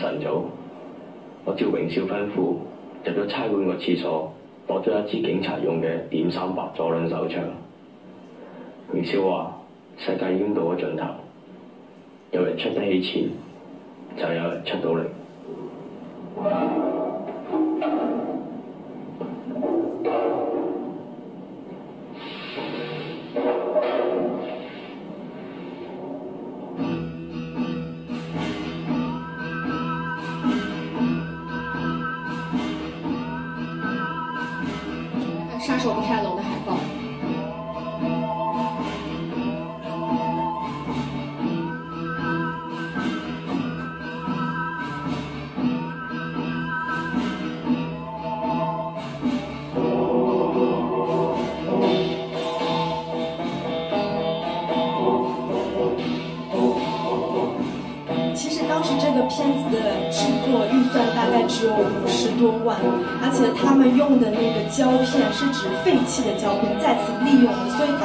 晨早，我照榮少吩咐，入咗差館個廁所，攞咗一支警察用嘅點三八左輪手槍。榮少話：世界已經到咗盡頭，有人出得起錢，就有人出到嚟。」